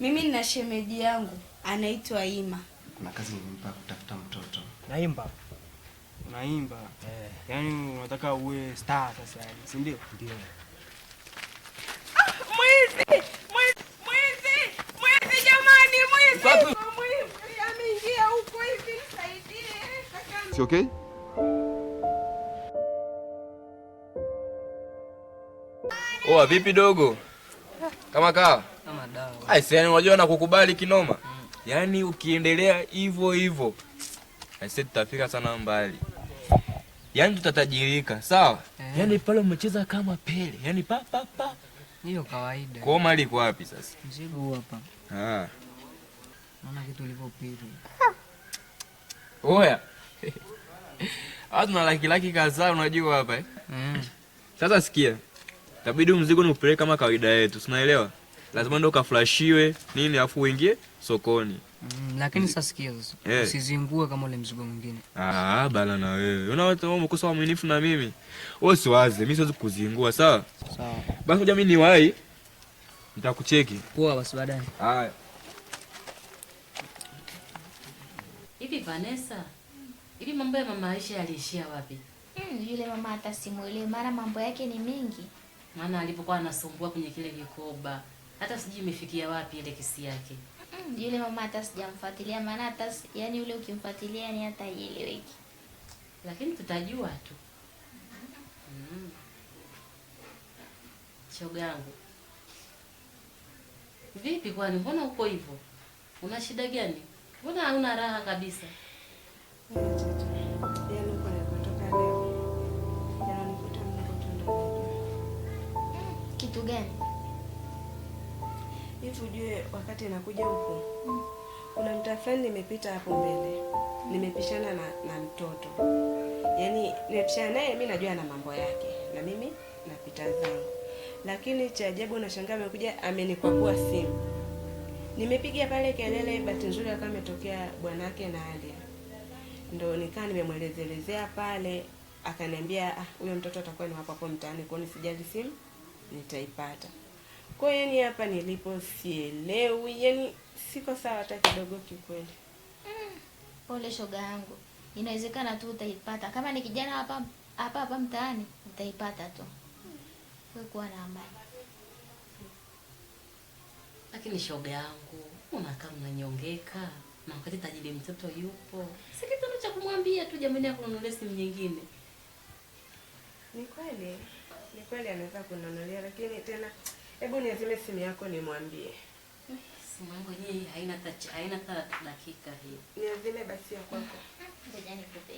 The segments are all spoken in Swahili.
Mimi nina shemeji yangu anaitwa Ima. Kuna kazi nimempa kutafuta mtoto. Naimba. Unaimba? Eh. Yaani unataka uwe star sasa yani, si ndio? Ndio. Ah, mwizi! Mwizi! Mwizi! Mwizi jamani, mwizi! Mwizi ameingia huko hivi, nisaidie. Si okay? Oa vipi dogo? Kama kawa? Aisee, unajua nakukubali kinoma. Mm. Yaani ukiendelea hivyo hivyo, aisee, tutafika sana mbali. yani tutatajirika, sawa? Eh. Yaani pale umecheza kama Pele. yani pa pa pa. Hiyo kawaida. Kwa mali iko wapi sasa? Mzigo huu hapa. Ah. Naona kitu ulivyopita. Oya. Hata na laki laki kadhaa unajua hapa eh? Mm. Sasa sikia. Tabidi mzigo ni upeleke kama kawaida yetu, sinaelewa? lazima ndo kaflashiwe nini afu uingie sokoni. Mm, lakini sasa sikia sasa. Yeah. Usizingue kama ule mzigo mwingine. Ah, bala na wewe. Una mkosa wa mwinifu na mimi. Wewe si wazi, mimi siwezi kuzingua, sawa? Sawa. Basi ngoja mimi niwahi. Nitakucheki. Poa basi baadaye. Haya. Hivi Vanessa, hivi mambo ya mama Aisha yaliishia wapi? Mm, yule mama hata simuelewi, mara mambo yake ni mingi. Maana alipokuwa anasumbua kwenye kile kikoba hata sijui imefikia wapi ile kesi yake. Mm yule mama hata sijamfuatilia, maana hata yani ule ukimfuatilia yani hata haieleweki, lakini tutajua tu. Mm. Shogangu vipi, kwani mbona uko hivyo? Una shida gani? Mbona hauna raha kabisa? Mm. Hivi ujue wakati inakuja huku mm. kuna mtaa fulani nimepita hapo mbele nimepishana na, na mtoto yaani nimepishana naye, mi najua na mambo yake na mimi napita zangu, lakini cha ajabu nashangaa amekuja amenikwapua simu. Nimepiga pale kelele, bahati nzuri akawa ametokea bwanake na Alia, ndo nikaa nimemwelezelezea pale, akaniambia ah, huyo ah, mtoto atakuwa ni hapo hapo mtaani, kwani sijali simu nitaipata. Kwa hiyo yani hapa nilipo sielewi, yani siko sawa hata kidogo kikweli. Mm, pole shoga yangu, inawezekana tu utaipata. Kama ni kijana hapa hapa hapa mtaani utaipata tu. Wewe kuwa na amani. Lakini shoga yangu, unakaa unanyongeka na wakati tajiri mtoto yupo, si kitu cha kumwambia tu jamani, akununulia simu nyingine. Ni kweli, ni kweli anaweza kununulia, lakini tena Hebu niazime simu yako nimwambie. Simu yangu hii haina touch, haina hata dakika hii. Niazime basi ya kwako. Ngoja nikupe.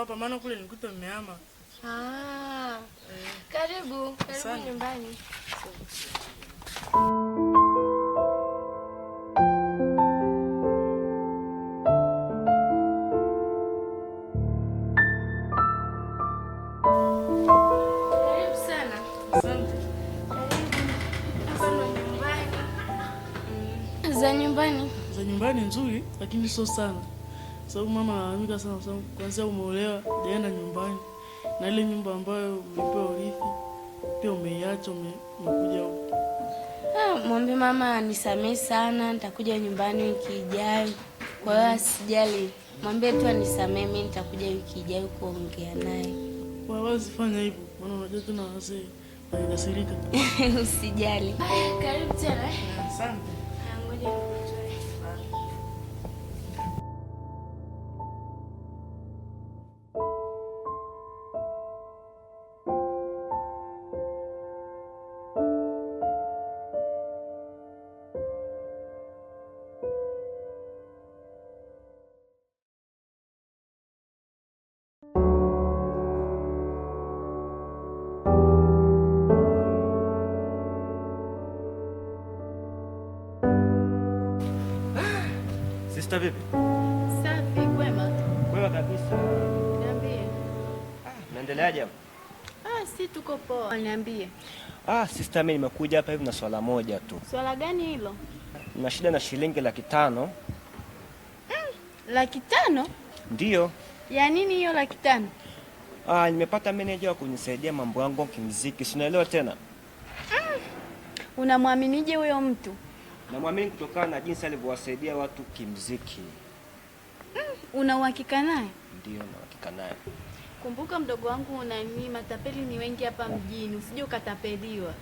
hapa, maana kule nikuta mmehama. Ah, eh. Karibu, karibu nyumbani. Za nyumbani nzuri, lakini sio sana sababu mama analalamika sana, kwa sababu kwanza umeolewa, jaenda nyumbani na ile nyumba ambayo ulipewa urithi pia umeiacha, umekuja huko. Ah, mwambie mama anisamehe sana, nitakuja nyumbani wiki ijayo. Kwa hiyo asijali, mwambie tu anisamehe, mimi nitakuja wiki ijayo kuongea naye. Hawezi fanya hivyo, maana unajua tena wazee wanakasirika. Usijali, karibu tena. Eh? Asante. Ah, Sista vipi? Safi, kwema. Kwema kabisa. Niambie. Ah, naendeleaje Ah, si tuko poa. Niambie. Ah, sista mimi nimekuja hapa hivi na swala moja tu. Swala gani hilo? Nina shida na shilingi laki tano. Mm, laki tano? Ndio. Ya nini hiyo laki tano? Ah, nimepata meneja wa kunisaidia mambo yangu kimziki. Sinaelewa tena. Mm. Unamwaminije huyo mtu? namwamini kutokana na jinsi alivyowasaidia watu kimziki. Mm, una uhakika naye? Ndio, na uhakika naye. Kumbuka mdogo wangu, nani matapeli ni wengi hapa mjini, usije ukatapeliwa.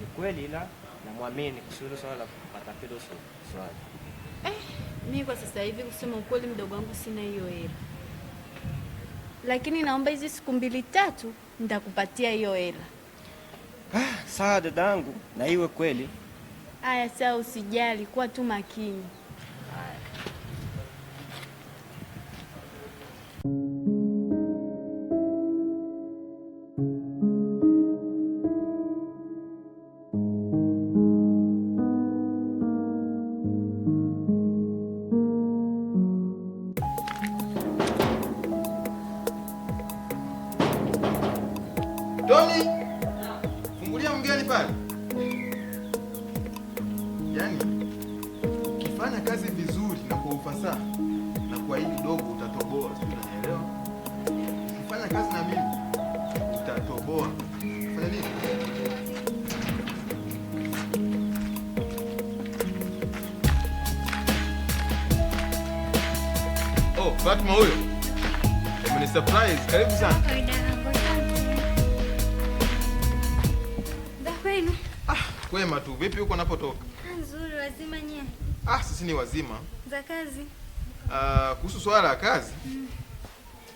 Ni kweli, ila namwamini kusudi swala la matapeli swali. Eh, mimi kwa sasa hivi kusema ukweli, mdogo wangu, sina hiyo hela, lakini naomba hizi siku mbili tatu nitakupatia hiyo hela. Ah, sawa dadangu, na iwe kweli Haya, saa usijali, kuwa tu makini. yaani ukifanya kazi vizuri na kwa ufasaha na kwa hii mdogo utatoboa, unanielewa? Ukifanya kazi na mimi utatoboa. Fanya nini? Oh, Fatma huyo ni surprise. Karibu sana. Ah, kwema tu, vipi huko unapotoka? wazima nyie? Ah, sisi ni wazima za kazi. Ah, kuhusu swala la kazi mm.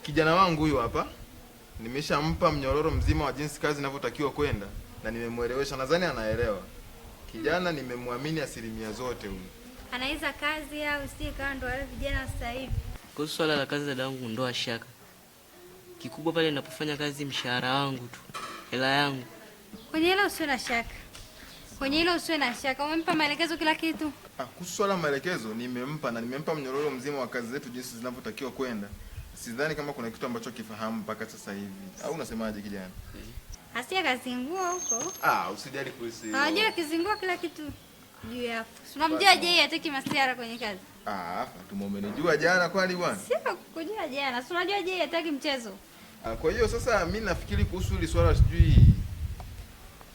Kijana wangu huyu hapa nimeshampa mnyororo mzima wa jinsi kazi inavyotakiwa kwenda na nimemwelewesha, nadhani anaelewa kijana. Nimemwamini asilimia zote, huyu Anaiza kazi au si? Kama ndo wale vijana sasa hivi. Kuhusu swala la kazi, dada wangu, ndoa shaka kikubwa pale ninapofanya kazi, mshahara wangu tu, hela yangu, kwenye hela usio na shaka Kwenye hilo usiwe na shaka, umempa maelekezo kila kitu. Ah, kuhusu swala maelekezo nimempa na nimempa mnyororo mzima wa kazi zetu jinsi zinavyotakiwa kwenda. Sidhani kama kuna kitu ambacho kifahamu mpaka sasa hivi, au unasemaje kijana? Eh. Asia kazingua huko. Ah, usijali kuhusu hilo. Unajua kizingua kila kitu juu yako. Unamjua je, yeye hataki masiara kwenye kazi? Ah, Fatuma umenijua jana kwani bwana? Sio kukujua jana. Si unajua je, yeye hataki mchezo. Ah, kwa hiyo sasa mimi nafikiri kuhusu hili swala sijui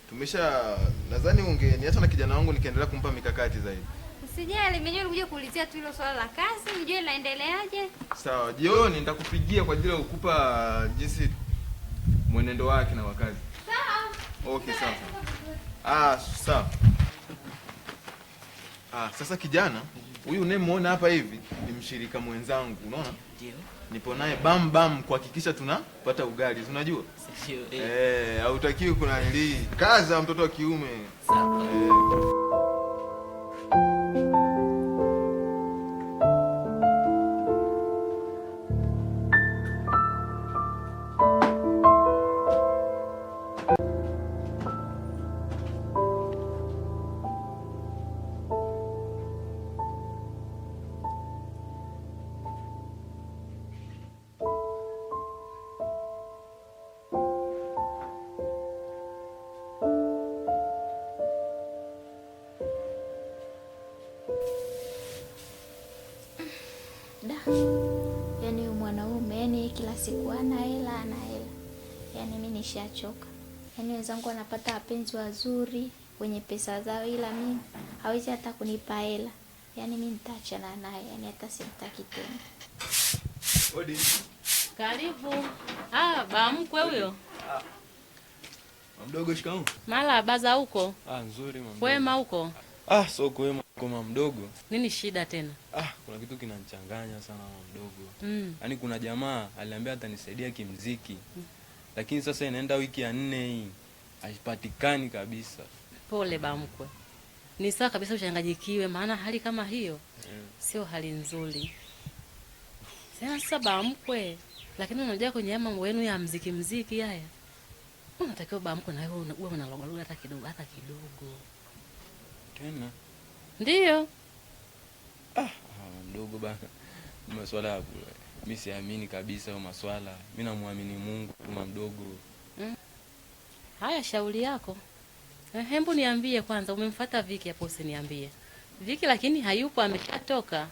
tumesha nadhani ungeniacha na kijana wangu nikaendelea kumpa mikakati zaidi. Usijali, mimi nilikuja kuulizia tu hilo swala la kazi, nijue linaendeleaje. Sawa, jioni nitakupigia kwa ajili ya kukupa jinsi mwenendo wake na wakazi. Sawa. Okay, sawa. Ah, sawa. Ah, sasa kijana huyu unayemuona hapa hivi ni mshirika mwenzangu, unaona? Ndio nipo naye bam bam kuhakikisha tunapata ugali, unajua eh. eh, hautakiwi kuna nilii kaza mtoto wa kiume eh. kuchoka. Yaani wenzangu wanapata wapenzi wazuri wenye pesa zao, ila mimi hawezi hata kunipa hela. Yaani mimi nitaachana naye, yaani hata simtaki tena. Odi. Karibu. Ah, ba mkwe huyo. Ah. Mdogo, shikamoo. Mala baza huko? Ah, nzuri mama. Kwema huko? Ah, so kwema kwa mdogo. Nini shida tena? Ah, kuna kitu kinanichanganya sana mama mdogo. Mm. Yaani kuna jamaa aliambia atanisaidia kimziki. Mm lakini sasa inaenda wiki ya nne hii haipatikani kabisa. Pole bamkwe, ni sawa kabisa, uchanganyikiwe, maana hali kama hiyo yeah, sio hali nzuri. Sasa bamkwe, lakini unajua kwenye mambo yenu ya mziki mziki haya unatakiwa bamkwe na wewe uwe unalogaluga hata kidogo hata kidogo tena, ndiyo ah, ah bana, masuala ya kula mi siamini kabisa hayo maswala, mi namwamini Mungu tuma mdogo. Mm. Haya, shauri yako. Eh, Hembu niambie kwanza, umemfata Viki hapo? Usiniambie Viki lakini hayupo, ameshatoka.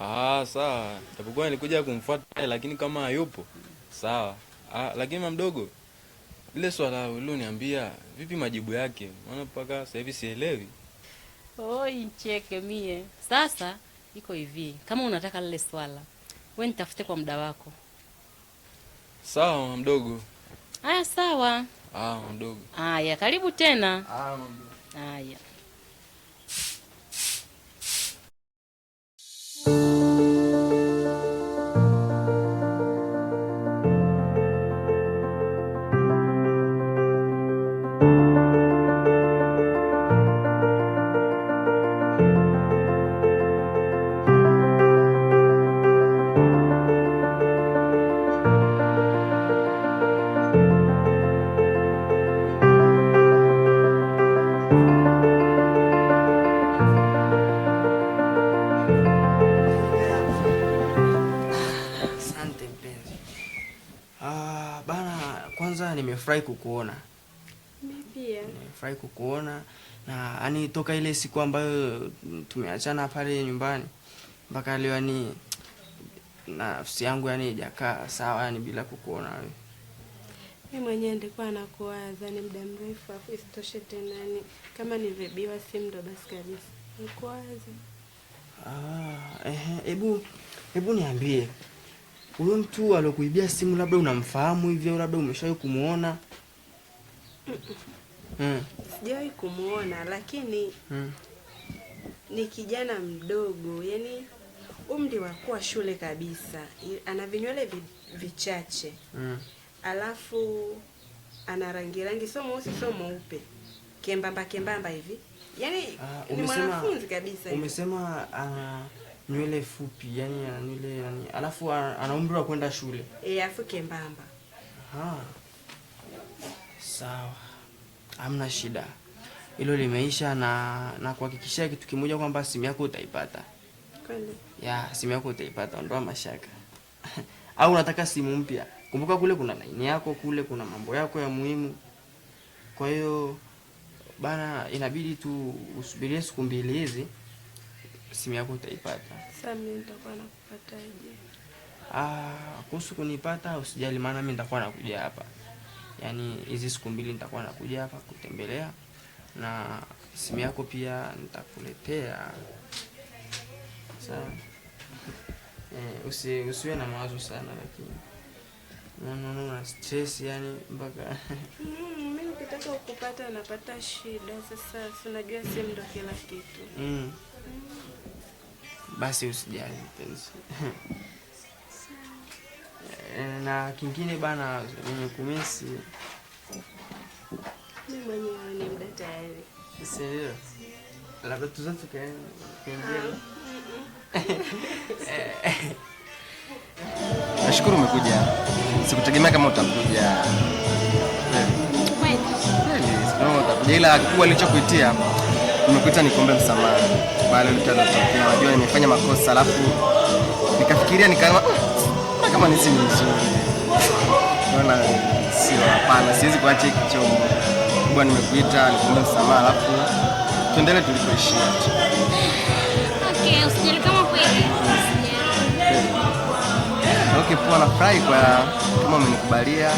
Ah, sawa, japokuwa nilikuja kumfuata lakini kama hayupo sawa. Ah, lakini mamdogo, ile swala uliloniambia vipi majibu yake? Maana mpaka sahivi sielewi. Oi, ncheke mie. Sasa iko hivi, kama unataka lile swala wewe nitafute kwa muda wako. Sawa mdogo. aya sawa. Ah, mdogo. Aya, karibu tena. Ah, mdogo. Aya. nimefurahi kukuona. Nimefurahi kukuona na yani toka ile siku ambayo tumeachana pale nyumbani mpaka leo yani nafsi yangu yani haijakaa sawa yani bila kukuona wewe. Mimi mwenyewe nilikuwa nakuwaza ni muda mrefu afu isitoshe tena ni yaani kama nivebiwa simu ndo basi kabisa. Nikuwaza. Ah, ehe, hebu hebu niambie huyo mtu aliokuibia simu labda unamfahamu hivi au labda umeshawahi kumuona? Eh. Sijawahi mm. kumuona lakini mm. ni kijana mdogo, yani umri wa kuwa shule kabisa, ana vinywele vichache mm. alafu ana rangi rangi, sio mweusi sio mweupe, kembamba kembamba hivi, yani ah, ni mwanafunzi kabisa. Umesema uh, nywele fupi yani ana nywele yani, alafu ana umri wa kwenda shule eh, afu kembamba. Ha, sawa, hamna shida, hilo limeisha. Na kuhakikishia kitu kimoja kwamba simu yako utaipata kweli. Ya, simu yako utaipata, ondoa mashaka au unataka simu mpya? Kumbuka kule kuna laini yako kule, kuna mambo yako ya muhimu. Kwa hiyo bana, inabidi tu usubirie siku mbili hizi simu yako utaipata. Sasa mimi Ah, kuhusu kunipata usijali, maana mimi nitakuwa nakuja hapa, yaani hizi siku mbili nitakuwa nakuja hapa kutembelea, na simu yako pia nitakuletea. Sawa. Eh, usi, usiwe na mawazo sana lakini no, no, no, na stress yani mpaka mm, mimi nikitaka kukupata napata shida. Sasa unajua simu ndio kila kitu. Mm. Mm basi usijali mpenzi. na kingine bana, mwenye kumisi Labda ah, Nashukuru umekuja, sikutegemea kama utakuja, utakuja ila kuwa alichokuitia nimekuita nikombe msamaha, mtu anatokea, najua nimefanya makosa, alafu nikafikiria nikaona ah, kama nisi ni mzuri, ona sio, hapana, siwezi kuacha hiki chombo kubwa. Nimekuita nikombe msamaha, alafu tuendele tulipoishia. Okay, Okay, poa, nafurahi kwa kama umenikubalia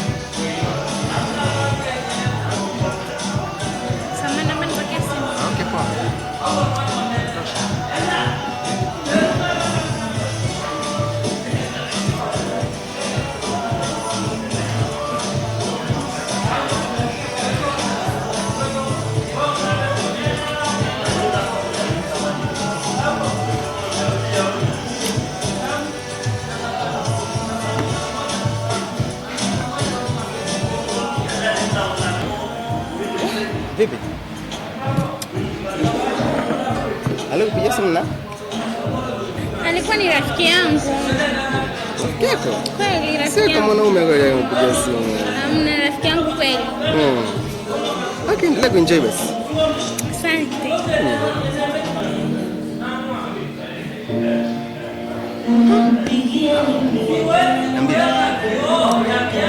alikuwa ni rafiki yangu. Rafiki yako? Kweli rafiki yangu. Sio mwanaume kuja simu. Hamna rafiki yangu kweli. Mm. Okay, endelea kuenjoy basi. Asante.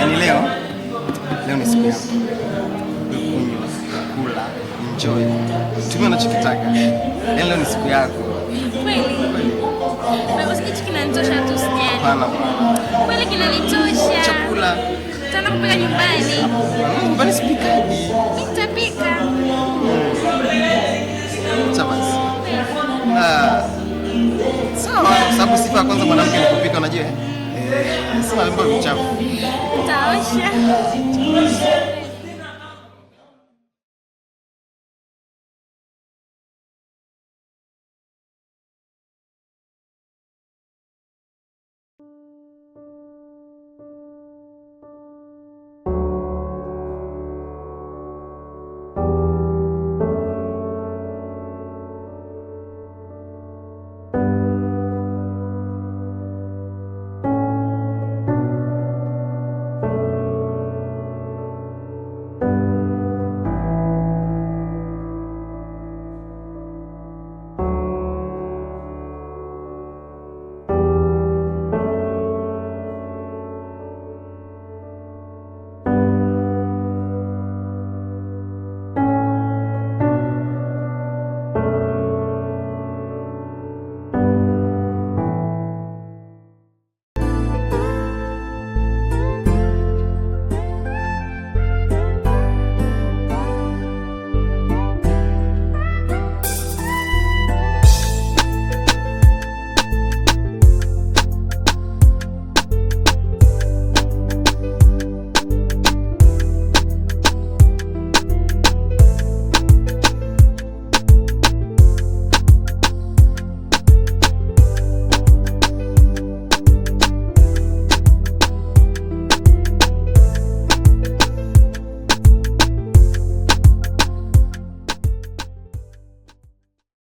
Yaani leo leo ni siku yako. Kunywa, kula, enjoy. Tumia unachokitaka. Yaani leo ni siku yako. Kweli. Kikosi kinanitosha tu sijali. Kweli kinanitosha. Chakula. Tutaenda kupika nyumbani. Hmm, nyumbani sipikaji. Mimi nitapika. Hmm. Sawa Ah. Sawa, sababu sifa kwanza mwanamke kupika unajua eh? eh Sina mambo vichafu. Taosha.